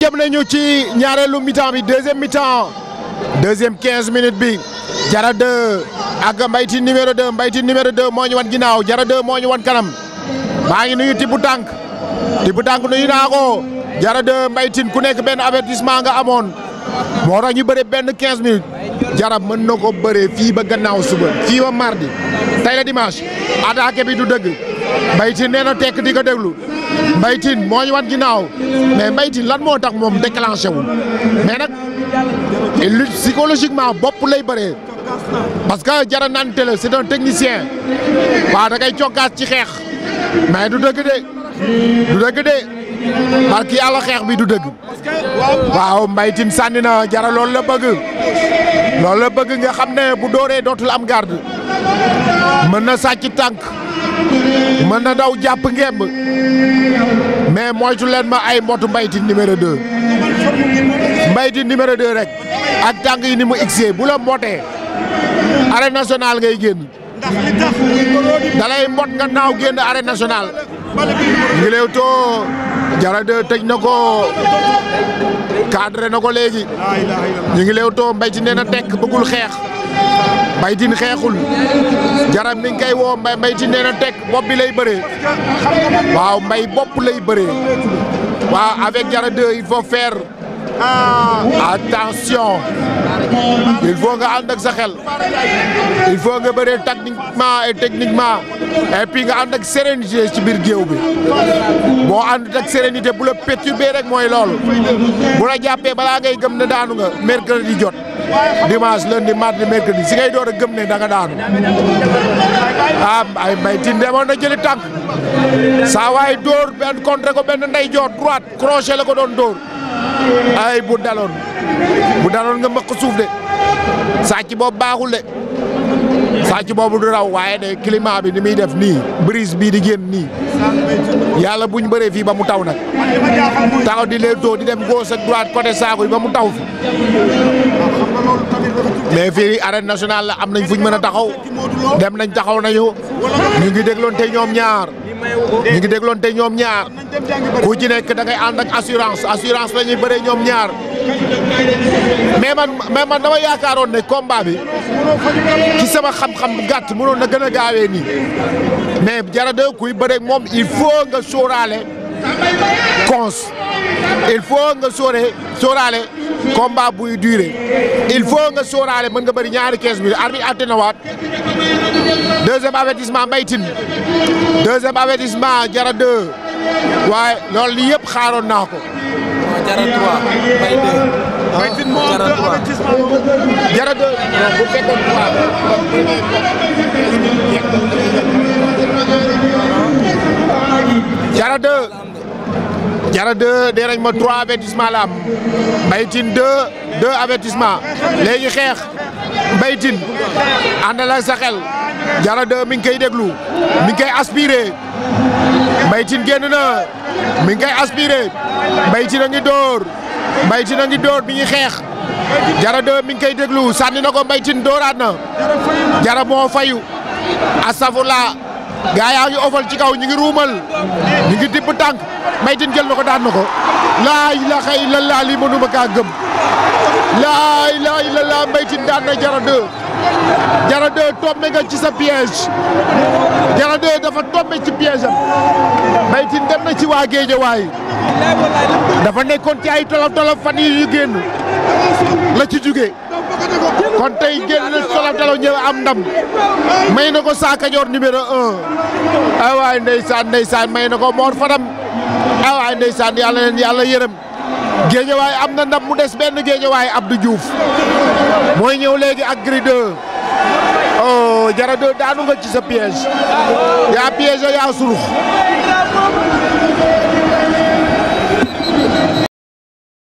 jëm nañu ci ñaareelu mi bi deuxième mi-temps deuxième quinze bi Jara 2 ak Mbayti numéro 2 Mbayti numéro 2 moo ñu wan ginnaaw Jara 2 moo ñu wan kanam maa ngi nuyu Tibu Tànk Tibu Tànk nuyu naa ko Jara 2 Mbaytin ku nekk benn avertissement nga amoon moo tax ñu benn quinze minutes. jarab mën na ko bëree fii ba gannaaw suba fii ba mardi tey la dimanche attaque bi du dëgg Mbaye Tine nee na tekk di ko déglu mbaytin Tine moo ñu wan mais Mbaye Tine lan moo tax moom déclenché wul mais nag lu psychologiquement bopp lay bëree parce que jara nante la c'est un technicien waaw da ngay cokkaas ci xeex mais du dëgg de du dëgg de parce que xeex bi du dëgg waaw Mbaye Tine sànni na jara loolu la bëgg loolu la bëgg nga xam ne bu dooree dootul am garde mën na sàcc tànk mën na daw jàpp ngemb mais moytu leen ma ay mbotu mbayti numéro 2 mbayti numéro 2 rek ak tànk yi ni mu xee bu la mbotee arène nationale ngay génn dalay mbot nga naaw génn arène nationale ngi Jara de tëj na ko cadré na ko léegi ñu ngi Leewtoo Mbaye Tine nee na tekk bëggul xeex Mbaye Tine xeexul Jara mi ngi koy woo Mbaye Tine nee na tekk bopp bi lay bëree waaw mbay bopp lay bëree waaw avec Jara de il faut faire ah. attention. il faut nga ànd ak sa xel il faut nga bëree tactiquement et techniquement et puis nga ànd ak sérénité ci biir géew bi boo ànd ak sérénité bu la perturbé rek mooy loolu bu la jàppee balaa ngay gëm ne daanu nga mercredi jot dimanche lundi mardi mercredi si ngay door a gëm ne da nga daanu ah ay Mbaye Tine na jël tànk saa waay dóor benn contre ko benn ndey joor droite crochet la ko doon dóor ay bu daloon bu daloon nga mbëq suuf de sàcc boobu baaxul de sàcc boobu du raw waaye de climat bi ni muy def nii brise bii di génn nii yàlla buñ bëree fii ba mu taw nag taxaw di leen too di dem gauche ak droite côté saako yi ba mu taw fi mais fii arène nationale la am nañ fuñ mën a taxaw dem nañ taxaw nañu ñu ngi dégloon te ñoom ñaar ñu ngi ñoom ñaar ku ci nekk da ngay ànd ak assurance assurance la ñuy bëree ñoom ñaar mais man mais man dama yaakaaroon ne combat bi ci sama xam-xam gàtt mënoon na gën a gaawee nii mais Diarra 2 kuy bëree moom il faut nga sóoraale cons il faut nga sóore combat buy duré il faut nga sóoraale mën nga bëri ñaari 15 minutes arbitre atte waat deuxième avertissement Mbaye Tine deuxième avertissement Diarra waaye loolu li yëpp xaaroon naa ko. waaw Diarra Diarra 2 nee nañ ma 3 avertissement la am Mbaye Tine 2 2 avertissement léegi xeex Mbaye Tine àndal ak sa mi ngi koy déglu mi ngi koy aspire Mbaye Tine génn na mi ngi koy aspiré Mbaye Tine a ngi dóor Mbaye Tine a ngi dóor mi ngi xeex Diarra 2 mi ngi koy déglu sànni na ko Mbaye Tine dóoraat na Diarra moo fayu astafurla. gaa yaa ngi ofal ci kaw ñu ngi ruumal ñu ngi tibb tànk maytin jël na ko daan na ko laa ilaha illallah lii mënuma kaa gëm laa ilaha illallah maytin daan na jara deux jara nga ci sa piège jara dafa tombé ci piège am maytin dem na ci waa géejawaay dafa nekkoon ci ay tolof tolof fan yi yu génn la ci jóge kon tey génn Salaf Dalaw ñëw am ndam may na ko Sakadior numéro un ay waay ndeysaan ndeysaan may na ko Mor Fadam ay waay ndeysaan yàlla leen yàlla yërëm géejawaay am na ndam mu des benn géejawaay Abdou Diouf mooy ñëw léegi ak Gris 2 Jara 2 daanu nga ci sa piège yaa piège yaa surux